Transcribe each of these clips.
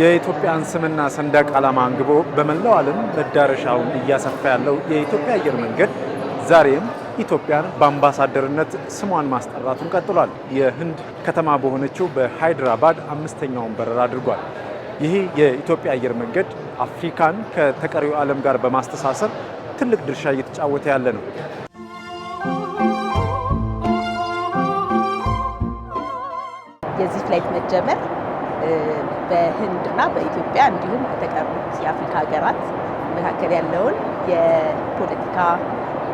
የኢትዮጵያን ስምና ሰንደቅ ዓላማ አንግቦ በመላው ዓለም መዳረሻውን እያሰፋ ያለው የኢትዮጵያ አየር መንገድ ዛሬም ኢትዮጵያን በአምባሳደርነት ስሟን ማስጠራቱን ቀጥሏል። የህንድ ከተማ በሆነችው በሃይድራባድ አምስተኛውን በረራ አድርጓል። ይህ የኢትዮጵያ አየር መንገድ አፍሪካን ከተቀሪው ዓለም ጋር በማስተሳሰር ትልቅ ድርሻ እየተጫወተ ያለ ነው። የዚህ ፍላይት መጀመር በህንድና በኢትዮጵያ እንዲሁም በተቀሩት የአፍሪካ ሀገራት መካከል ያለውን የፖለቲካ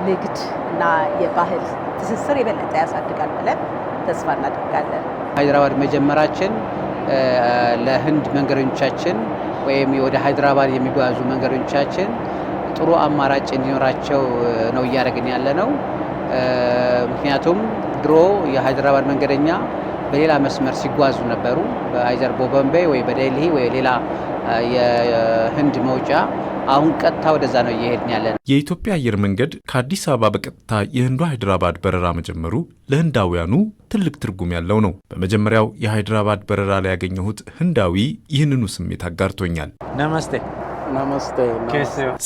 ንግድ እና የባህል ትስስር የበለጠ ያሳድጋል ብለን ተስፋ እናደርጋለን። ሀይድራባድ መጀመራችን ለህንድ መንገደኞቻችን ወይም ወደ ሀይድራባድ የሚጓዙ መንገደኞቻችን ጥሩ አማራጭ እንዲኖራቸው ነው እያደረግን ያለ ነው። ምክንያቱም ድሮ የሀይድራባድ መንገደኛ በሌላ መስመር ሲጓዙ ነበሩ። በአይዘር ቦበምቤ ወይ በዴልሂ ወይ ሌላ የህንድ መውጫ አሁን ቀጥታ ወደዛ ነው እየሄድን ያለ ነው። የኢትዮጵያ አየር መንገድ ከአዲስ አበባ በቀጥታ የህንዱ ሃይድራባድ በረራ መጀመሩ ለህንዳውያኑ ትልቅ ትርጉም ያለው ነው። በመጀመሪያው የሃይድራባድ በረራ ላይ ያገኘሁት ህንዳዊ ይህንኑ ስሜት አጋርቶኛል። ነመስቴ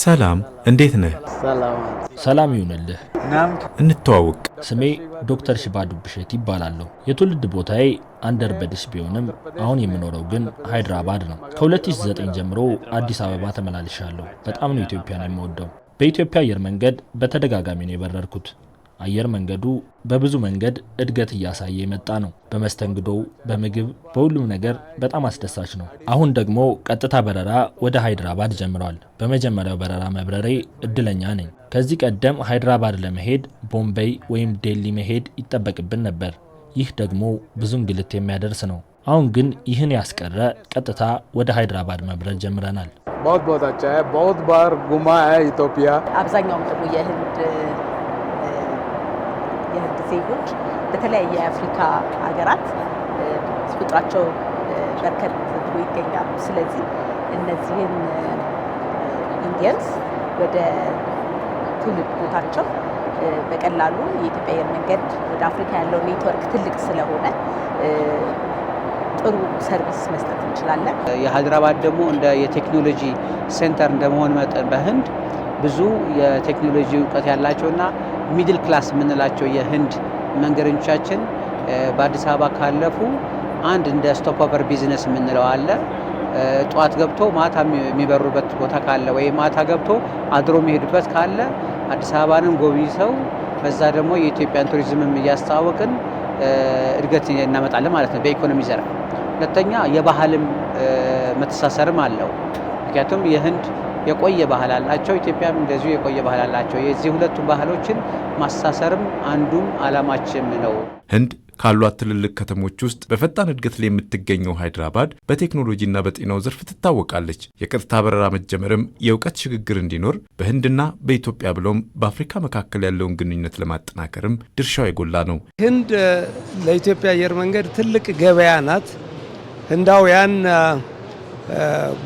ሰላም፣ እንዴት ነህ? ሰላም ይሁንልህ። እንተዋውቅ። ስሜ ዶክተር ሽባ ዱብሸት ይባላለሁ። የትውልድ ቦታዬ አንደርበድስ ቢሆንም አሁን የምኖረው ግን ሃይድራባድ ነው። ከ2009 ጀምሮ አዲስ አበባ ተመላልሻለሁ። በጣም ነው ኢትዮጵያን የምወደው። በኢትዮጵያ አየር መንገድ በተደጋጋሚ ነው የበረርኩት። አየር መንገዱ በብዙ መንገድ እድገት እያሳየ የመጣ ነው። በመስተንግዶው፣ በምግብ፣ በሁሉም ነገር በጣም አስደሳች ነው። አሁን ደግሞ ቀጥታ በረራ ወደ ሃይድራባድ ጀምረዋል። በመጀመሪያው በረራ መብረሬ እድለኛ ነኝ። ከዚህ ቀደም ሃይድራባድ ለመሄድ ቦምበይ ወይም ዴሊ መሄድ ይጠበቅብን ነበር። ይህ ደግሞ ብዙ እንግልት የሚያደርስ ነው። አሁን ግን ይህን ያስቀረ ቀጥታ ወደ ሃይድራባድ መብረር ጀምረናል። बहुत ቦታቻ ቦት ባር ጉማ ኢትዮጵያ አብዛኛውም ደግሞ የህንድ የህንድ ዜጎች በተለያየ የአፍሪካ ሀገራት ቁጥራቸው በርከት ብሎ ይገኛሉ። ስለዚህ እነዚህን ኢንዲየንስ ወደ ትውልድ ቦታቸው በቀላሉ የኢትዮጵያ አየር መንገድ ወደ አፍሪካ ያለው ኔትወርክ ትልቅ ስለሆነ ጥሩ ሰርቪስ መስጠት እንችላለን። የሀይድራባድ ደግሞ እንደ የቴክኖሎጂ ሴንተር እንደመሆን መጠን በህንድ ብዙ የቴክኖሎጂ እውቀት ያላቸውና ሚድል ክላስ የምንላቸው የህንድ መንገደኞቻችን በአዲስ አበባ ካለፉ አንድ እንደ ስቶፖቨር ቢዝነስ የምንለው አለ። ጠዋት ገብቶ ማታ የሚበሩበት ቦታ ካለ ወይም ማታ ገብቶ አድሮ የሚሄዱበት ካለ አዲስ አበባንም ጎብኝተው በዛ ደግሞ የኢትዮጵያን ቱሪዝምም እያስተዋወቅን እድገት እናመጣለን ማለት ነው በኢኮኖሚ ዘርፍ። ሁለተኛ የባህልም መተሳሰርም አለው። ምክንያቱም የህንድ የቆየ ባህል አላቸው። ኢትዮጵያም እንደዚሁ የቆየ ባህል አላቸው። የዚህ ሁለቱ ባህሎችን ማሳሰርም አንዱም አላማችም ነው። ህንድ ካሏት ትልልቅ ከተሞች ውስጥ በፈጣን እድገት ላይ የምትገኘው ሃይድራባድ በቴክኖሎጂና በጤናው ዘርፍ ትታወቃለች። የቀጥታ በረራ መጀመርም የእውቀት ሽግግር እንዲኖር በህንድና በኢትዮጵያ ብሎም በአፍሪካ መካከል ያለውን ግንኙነት ለማጠናከርም ድርሻው የጎላ ነው። ህንድ ለኢትዮጵያ አየር መንገድ ትልቅ ገበያ ናት። ህንዳውያን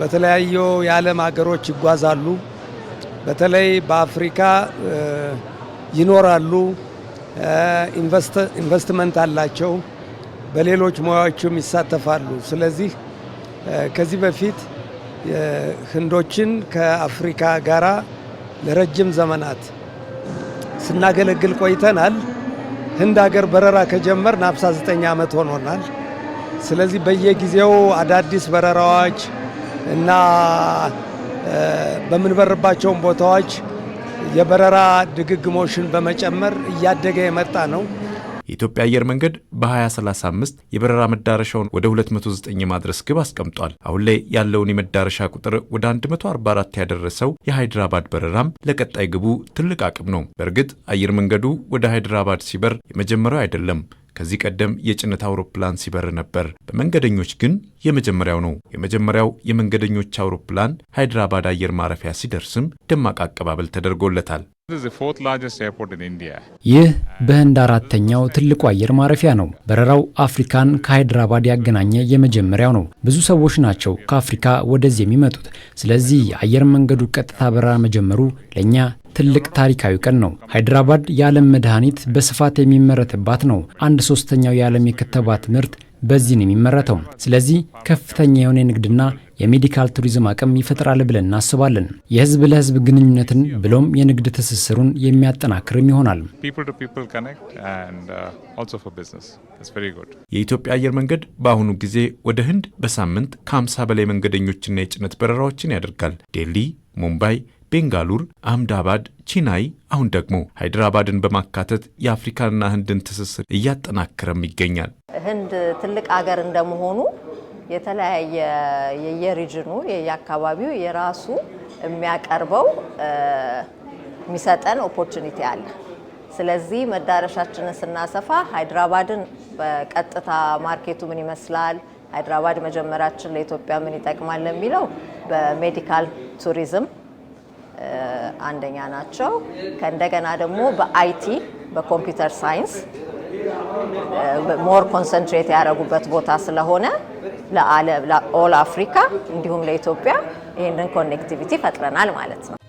በተለያዩ የዓለም ሀገሮች ይጓዛሉ። በተለይ በአፍሪካ ይኖራሉ፣ ኢንቨስትመንት አላቸው፣ በሌሎች ሙያዎችም ይሳተፋሉ። ስለዚህ ከዚህ በፊት ህንዶችን ከአፍሪካ ጋር ለረጅም ዘመናት ስናገለግል ቆይተናል። ህንድ ሀገር በረራ ከጀመርን 59 ዓመት ሆኖናል። ስለዚህ በየጊዜው አዳዲስ በረራዎች እና በምንበርባቸውን ቦታዎች የበረራ ድግግሞሽን በመጨመር እያደገ የመጣ ነው። የኢትዮጵያ አየር መንገድ በ2035 የበረራ መዳረሻውን ወደ 209 የማድረስ ግብ አስቀምጧል። አሁን ላይ ያለውን የመዳረሻ ቁጥር ወደ 144 ያደረሰው የሃይድራባድ በረራም ለቀጣይ ግቡ ትልቅ አቅም ነው። በእርግጥ አየር መንገዱ ወደ ሃይድራባድ ሲበር የመጀመሪያው አይደለም። ከዚህ ቀደም የጭነት አውሮፕላን ሲበር ነበር። በመንገደኞች ግን የመጀመሪያው ነው። የመጀመሪያው የመንገደኞች አውሮፕላን ሃይድራባድ አየር ማረፊያ ሲደርስም ደማቅ አቀባበል ተደርጎለታል። ይህ በህንድ አራተኛው ትልቁ አየር ማረፊያ ነው። በረራው አፍሪካን ከሃይድራባድ ያገናኘ የመጀመሪያው ነው። ብዙ ሰዎች ናቸው ከአፍሪካ ወደዚህ የሚመጡት። ስለዚህ የአየር መንገዱ ቀጥታ በረራ መጀመሩ ለእኛ ትልቅ ታሪካዊ ቀን ነው። ሃይድራባድ የዓለም መድኃኒት በስፋት የሚመረትባት ነው። አንድ ሶስተኛው የዓለም የክትባት ምርት በዚህ ነው የሚመረተው። ስለዚህ ከፍተኛ የሆነ የንግድና የሜዲካል ቱሪዝም አቅም ይፈጥራል ብለን እናስባለን። የህዝብ ለህዝብ ግንኙነትን ብሎም የንግድ ትስስሩን የሚያጠናክርም ይሆናል። uh, የኢትዮጵያ አየር መንገድ በአሁኑ ጊዜ ወደ ህንድ በሳምንት ከ50 በላይ መንገደኞችና የጭነት በረራዎችን ያደርጋል። ዴሊ፣ ሙምባይ ቤንጋሉር፣ አህመዳባድ፣ ቺናይ አሁን ደግሞ ሃይድራባድን በማካተት የአፍሪካንና ህንድን ትስስር እያጠናከረም ይገኛል። ህንድ ትልቅ አገር እንደመሆኑ የተለያየ የየሪጅኑ የየአካባቢው የራሱ የሚያቀርበው የሚሰጠን ኦፖርቹኒቲ አለ። ስለዚህ መዳረሻችንን ስናሰፋ ሃይድራባድን በቀጥታ ማርኬቱ ምን ይመስላል፣ ሃይድራባድ መጀመራችን ለኢትዮጵያ ምን ይጠቅማል የሚለው በሜዲካል ቱሪዝም አንደኛ ናቸው። ከእንደገና ደግሞ በአይቲ በኮምፒውተር ሳይንስ ሞር ኮንሰንትሬት ያደረጉበት ቦታ ስለሆነ ለዓለም ለኦል አፍሪካ እንዲሁም ለኢትዮጵያ ይህንን ኮኔክቲቪቲ ፈጥረናል ማለት ነው።